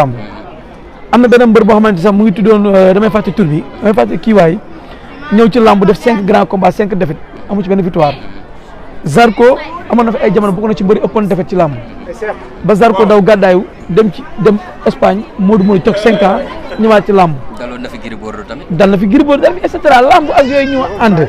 am na benn mbër boo xamante sax mu ngi tuddoon euh, damay fàtte tour bi damay ki way ñew ci lamb def 5 grand combat 5 défaites amu ci benn victoire Zarko amana fa ay jamono ko na ci mbeuri ëppoon défaite ci lamb ba Zarko daw gadayou dem ci dem Espagne Modou moy tok 5 ans ñewat ci lamb daloon na fi giribor tamit dal na fi giribor dal et cetera ak yoy ñu and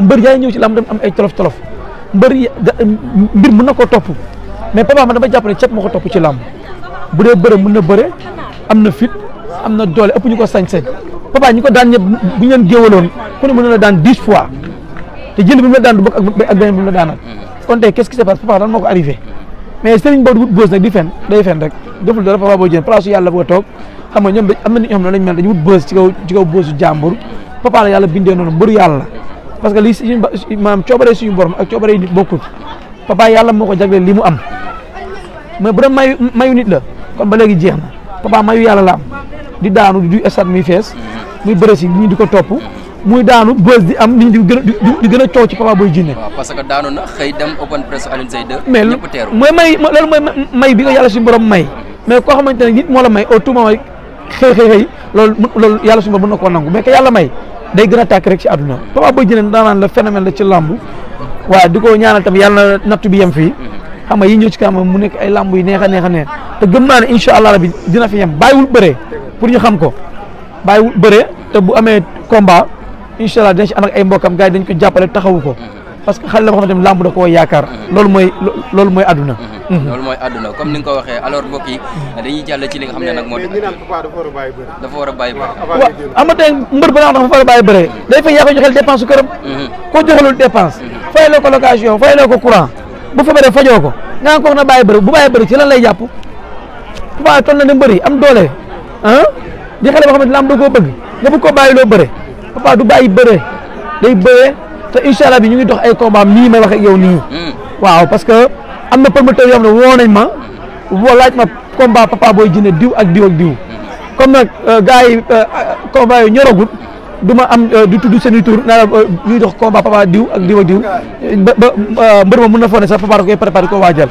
mbeur yaay ñew ci lam dem am ay tolof tolof mbeur mbir mën na ko top mais papa ma dama japp ne ciat mako top ci lam bu dé beure mën na beure am fit amna doole ëpp ñuko sañ sañsé papa ñi daan ñep bu ñen gewalon ku ne mën na daan 10 fois té jël bu mu daan du bok ak ak benen bu mu la daanal kon té qu'est-ce qui se passe papa lan mako arrivé mais serigne bo wut buzz nak di fen day fen rek deful dara papa bo jeen place yalla bo tok xam nga ñom am na ñom lañ mel dañu wut buzz ci kaw ci kaw buzz jambur papa la yalla bindé non mbeur yalla parce que li suñu imam ciobare suñu borom ak ciobare nit bokku papa yalla moko jagle limu am mais bu mayu mayu nit la kon ba léegi jeex na papa mayu yalla la di daanu di stade mi fess muy beresi ni diko top muy daanu bës di am ni di gëna di gëna ciow ci papa boy jinné parce que daanu na xey dem open press alun zay de ñepp téru moy may lolu moy may bi nga yalla suñu borom may mais ko xamanteni nit mo la may au tout moment xey xey xey lolu lolu yalla suñu borom mën na koo nangu mais que yalla may day gën a tàkk rek ci àdduna Papa Boy Djiné daanaan la phénomène la ci làmb waa di ko ñaanal tam yàlla na nattu bi yem fii xam nga yi ñëw ci kanam mu nekk ay làmb yu neex a neex a neex te gëm naa ne incha allah rabi dina fi yem bàyyiwul bëree pour ñu xam ko wul bëree te bu amee combat incha allah dina ci ay mbokkam gars yi dañ ko jàppale taxawu ko parce que xale la boo xamante ni làmb da koo yaakaar. Mmh. loolu mooy loolu mooy àdduna. Mmh. loolu mooy àdduna comme ni nga ko waxee alors mbokk yi mmh. dañuy jàll ci li nga xam ne nag moo. mais dafa war a bàyyi bëre. waaw am na day fay yaa ko joxel dépense su këram. koo joxalul dépense. fay loo ko location fay loo courant bu fa bëree fajoo ko na bàyyi bëre bu bàyyi bëre ci lay jàpp waaw toll na ne mbëri am doole ah di xale boo xamante làmb da koo bëgg nga bëgg koo bàyyi loo bëre papa du bàyyi bëre day bëree te inshallah allah bi ñu ngi dox ay combat mi may wax ak yow ni hmm. waaw parce que amna promoteur yo amna wonañ ma wo laaj ma combat papa boy jinne diw ak diw ak diw comme nak euh, gaay euh, combat yi ñoragut duma am euh, du tuddu seni tour na naa dox combat papa diw ak diw ak diw mbeur ba mbër ma mun na foog sax papa da koy préparé ko wajal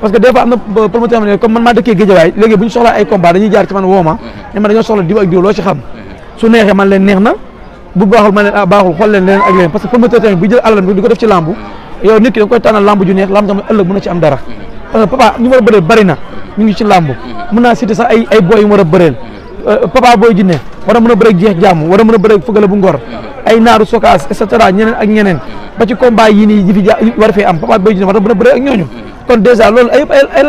parce que des fois amna promoteur amna comme man ma dëkkee gëdjé way légui buñ soxla ay combat dañuy jaar ci man woo ne ma dañu soxla diw ak diw lo ci xam su nexé man leen neex bu baaxul ma ne ah baaxul xool leen parce que promoteur tamit bu jël alalam bi di ko def ci làmb yow nit ki da koy tànnal làmb ju neex làmb tamit ëllëg na ci am dara parce euh, que papa ñu war a bëreel bari na ngi ci làmb mën naa citer sax ay ay boy yu war a bëreel euh, papa booy jinne war a mën a bëreeg jeex jàmm war a mën a bëreeg fëgale bu ngor ay naaru sokaas et cetera ñeneen ak ñeneen ba ci yi nii yi fi war fee am a a bëreeg kon dèjà loolu ay ay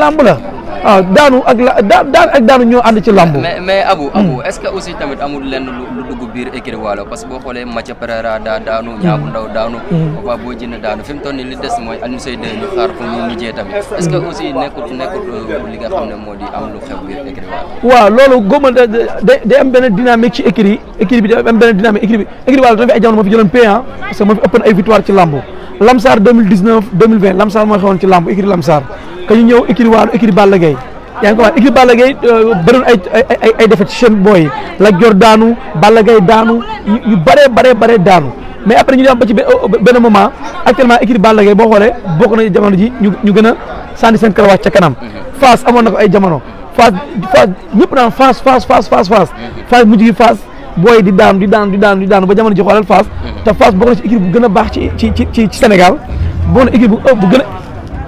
ah daanu ak la daan ak daanu ñoo ànd ci lambu. mais mais Abou hmm. Abou est-ce que aussi tamit amul lenn lu dugg biir écurie Walo parce que boo xoolee Mathia Pereira daa daanu. Hmm. Niakhou Ndaw daanu. Hmm. Papa Boy Djiné daanu fi mu toll nii li des mooy Alioune Seye ñu xaar ko ñu mujjee tamit. est-ce que aussi nekkut nekkut euh, li nga xam ne moo di am lu xew biir écurie Walo. waaw loolu góob da day am benn dynamique ci écurie écurie bi day am benn dynamique écurie bi écurie Walo dafa fi ay jamono moo fi jëloon paysan parce que moo fi ëppoon ay victoire ci lambu Lamsar 2019 2020 Lamsar mooy xewoon ci lambu écurie Lamsar dañu ñëw écurie Waalo écurie Balla Gaye yaa ngi ko wax écurie Balla Gaye euh, bëri ay ay ay defet ci seen booy la jor daanu Balla Gaye daanu yu bëree bëree bëree daanu mais après ñu dem ba ci euh, benn actuellement écurie Balla Gaye boo xoolee bokk na jamono ji ñu ñu gën a sànni seen karawaat ca kanam Fass amoon na ko ay jamono Fass Fass ñëpp naan Fass Fass Fass Fass Fass Fass mujj gi booy di daanu di daanu di daanu di daanu ba jamono ji xoolal Fass te Fass bokk na ci écurie bu gën a baax ci ci ci ci Sénégal bokk na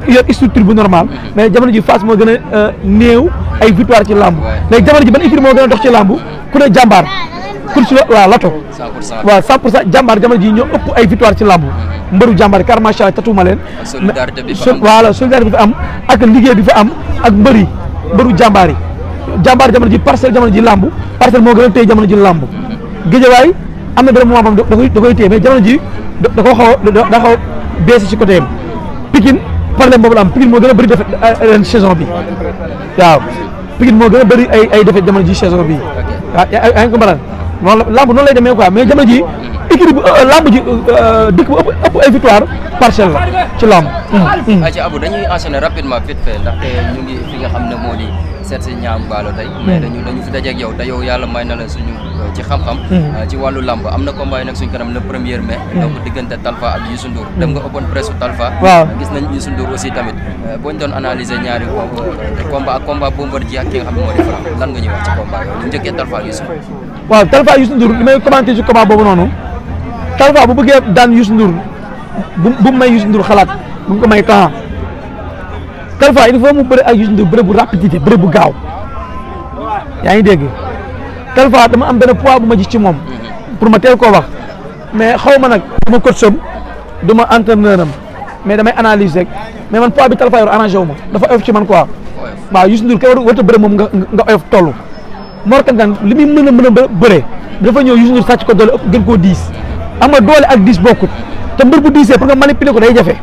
yor structure bu normal mhm. mais jamono ji Fass moo gën a euh, néew ay victoire ci làmb léegi jamono ji ban équipe moo gën a dox ci làmb mhm. ku ne jàmbaar pour si waaw lato waaw 100 pour cent jàmbaar jamono ji ñoo ëpp ay victoire ci làmb mhm. mbëru jàmbaar car macha allah tatuma leen ah, voilà solidarité am ak liggéey bi fa am ak mbëri mbëru jàmbaar yi jàmbaar jamono ji parcelle jamono ji làmb parcelle moo gën a téye jamono ji làmb géejawaay am na benn moment bam da koy da koy téye mais jamono ji da ko xaw a daa xaw a baissé ci côté yam Pikine problème boobu la am Pikine moo gën a bëri défaite euh, euh, ren bi waaw Pikine moo gën a bëri ay ay défaite jamono ji saison bi waaw yaa ngi comprendre la lamb noonu lay demee quoi mais jamono ji équipe bu euh, lamb ji dëkk bu ëpp ay victoire parcelle ci lamb. waa hmm, hmm. ci Abou dañuy enchaîner rapidement vite fait nga xam ne moo seet si ñaam baalo tey mais hmm. dañu fi dajeeg yow te yow yàlla may na la suñu euh, ci xam-xam hmm. euh, ci wàllu làmb am na combat yi nag suñ kanam le premier mai hmm. donc diggante Talfa ak Youssou Ndour dem nga open press Talfa waaw gis nañ Youssou euh, ak combat xam moo di Franc lan nga ñuy ci combat noonu Talfa bu bëggee daan Youssou Ndour bu may Youssou Ndur xalaat bu ko may temps Talfa kan il faut mu beure ay Youssou Ndour bëre bu rapidité beure bu gaaw yaa ngi dégg Talfa kan dama am ben poids bu ma gis ci mom pour ma teel ko wax mais xawma nak dama ko coach sam entraîneuram mais damay analyse rek mais man poids bi Talfa yor arrangé wuma ma dafa oeuf ci man quoi waaw Youssou Ndour kay war warta bëre nga nga oeuf tollu Mor Kang Kang limi meuna meuna beure dafa ñew Youssou Ndour sàcc ko dole gën ko 10 am dole ak 10 bokkut te mbër bu 10 pour nga manipuler ko day jafé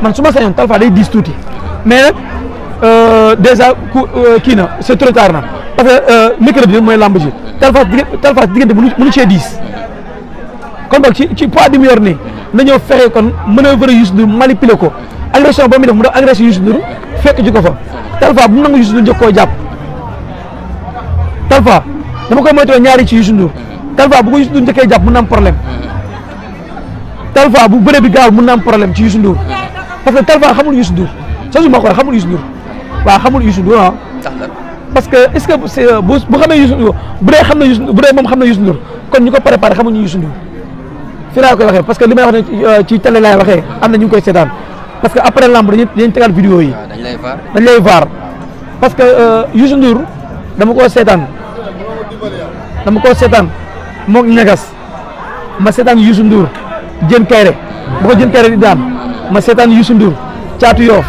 man suma sañon sañoon day 10 touti mais nag euh, dèjà ku euh, kii na c' est trop tard na parce que euh, mercredi mooy lamb ji Talfaas diggante Talfaas diggante mënu cee diis kon boog ci ci poids bi mu yor na ñëw fexe kon manœuvre Youssou Ndour manipuler ko agression boo mi def mu def agression Youssou Ndour fekk ji ko fa Talfa bu mu nangu Youssou Ndour njëkk koo jàpp Talfa dama koy moytoo ñaari ci Youssou Ndour Talfa bu ko Youssou Ndour njëkkee jàpp mën na am problème Talfa bu bëre bi gaaw mën na am problème ci Youssou Ndour parce que Talfa xamul Youssou ça je m'accorde xamul Youssou Ndour waaw xamul ah. parce que est ce que c' est bu bu xamee Youssou Ndour bu dee xam na Youssou bu dee moom xam na Youssou Ndour kon ñu ko préparé xamuñu Youssou Ndour fii laa koy waxee parce que li may wax ne euh, ci télé laay waxee am na ñu ngi parce que après lamb ah, parce que euh, Ndour dama koo seetaan dama koo seetaan moog ñagas ma seetaan Youssou Ndour jën kayre bu ko jën kayre di daan ma seetaan Youssou Ndour caatu yoof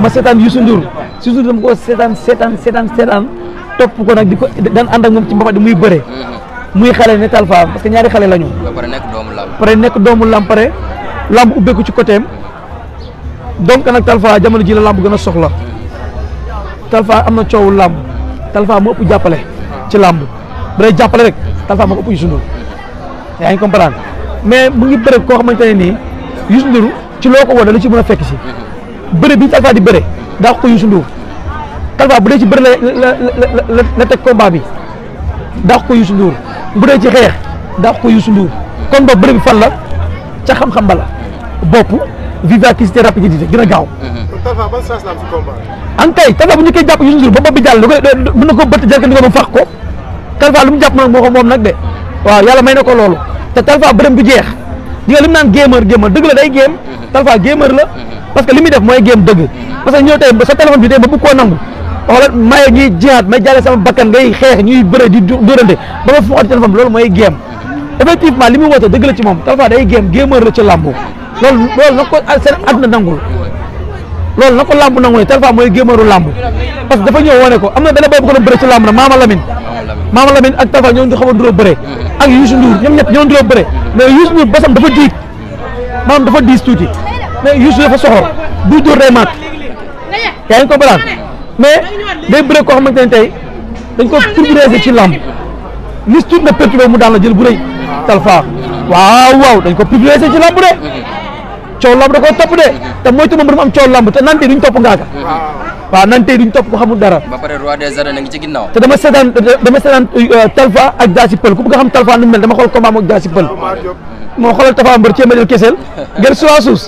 ma setan yu sundur Youssou sundur ko setan. setan setan setan top ko nak diko dan and ak mom ci mbapat di muy beure mm-hmm. muy xalé ne Talfa parce que ñaari xalé lañu pare nek doomu lamp pare lamp, doomu lamb pare lamb ubbeeku ci cotem donc nak Talfa jamono ji la lamp gëna soxla Talfa amna ciow lamp Talfa mo upp jappalé ci lamp bare jappalé rek Talfa mo upp yu sundur yaay ngi comprendre mais mu ngi beure ko xamanteni ni yu sunduru ci loko ko la ci mëna fekk ci mm-hmm. bëre bi ñu Talfa di bëre daa ko Youssou Ndour Talfa bu dee ci bëre la la la teg combat bi daa ko Youssou Ndour bu dee ci xeex daa ko Youssou Ndour kon boobu bëre bi fan la ca xam-xam ba la bopp vivacité rapidité gën a gaaw. Talfa ban chance la am ci combat bi. en kay Talfa bu ñu koy jàpp Youssou Ndour ba bopp bi jàll lu koy mën na ko bëtt jarka di ko mu fax ko Talfa lu mu jàpp nag moo ko moom nag de waaw yàlla may na ko loolu te Talfa bërëm bu jeex. di nga lim nan gamer gamer deug la day game mhm. talfa gamer la mhm. parce que limi def moy game deug mhm. parce que ñëw tey sa téléphone bi tay ba bu ko nangu wala may gi jihad may jale sama bakkan ngay xex ñuy beure di dóorante ba ba foxati téléphone lool moy game effectivement limi wote deug la ci mom talfa day game gamer la ci lambu lool lool nako sen seen nangul lool nako lambu nangul nangu ne talfa mooy gameru lambu parce que dafa ñëw woné ko amna na benn bu ko beure ci lambu na mama Lamine Maama Lamine ak Tafa ñoo ngi xaw a duróo bëre ak Youssou Ndour ñoom ñett ñoo duróo bëre mais Youssou Ndour basam dafa diig maanaam dafa diis tuuti mais Youssou dafa soxor buy dóor day maat yaa ngi ko balaan mais day bëre koo xamante ne tey dañ ko pulvérisé ci làmb ni tuut na perturbé mu daan la jël bu rëy Talfa waaw waaw dañ ko pulvérisé ci làmb de coow lamb da koo topp de mm-hmm. te moytu ma mbir am coow lamb te nante duñ topp ngaaga mm-hmm. topp ko ba pare roi des arènes ngi ci ginnaaw te dama seetaan euh, talfa ak pël ku bëgg xam talfa nu mel dama xool combat ak jaasi pël moo xoolal Tapha Mbeur ci Madiol Kessel ngir so suus.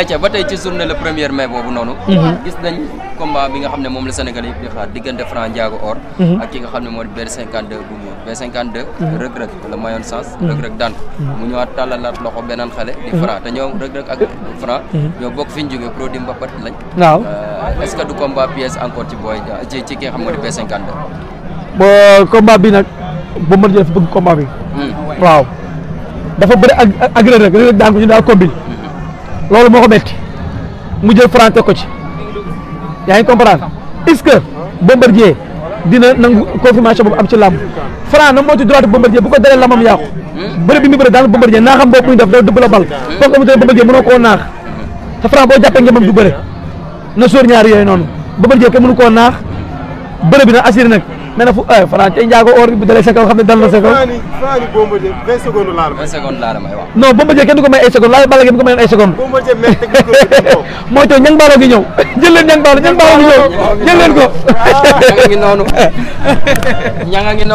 ayca ba tey ci journée le premier mai bobu nonu mhm. gis nañ combat bi nga xamne mom le la Sénégal yëpp di xaar digënde mhm. Franc jago Or. ak ki nga xamne mo ber 52 bu mu B52. Reug Reug la mayon sens. Reug Reug dan mu ñëwaat talalat loxo benen xalé di Franc te ñoom Reug Reug ak Franc. ñoo mhm. bok fiñ ñu pro di mbapat lañ. waaw eh, est-ce que du combat pièce encore ci boy ci eh, ci ki nga xam ne di B52. bo combat bi nak bu ma jël fa bëgg combat bi waaw dafa bëri ak Reug Reug Reug Reug daan ko ci daa coach. loolu moo ko metti mu jël Franc ko ci yaa comprendre est-ce que Bombardier dina nang confirmation boobu am ci làmb Franc na ci droit Bombardier bu ko dalee làmbam yàqu bëri bi mu bëri daan Bombardier naa xam boobu ñu def dafa dëbb la bal kooku amutee Bombardier mënoo koo naax te Franc boo jàppee ngëmam du bëre na sóor ñaari yooyu noonu Bombardier kenn mënu koo naax bëri bi na assuré nag nee fu eh, Franc tey eh, njaago bi dalee sa kaw xam ne na sa kaw. Franc ni Bombardier vingt secondes may. vingt secondes laa la may kenn du ko may ay secondes laay Balla Gaye du gi ñëw jël leen ñang baalo ñang baalo gi ñëw jël leen ko.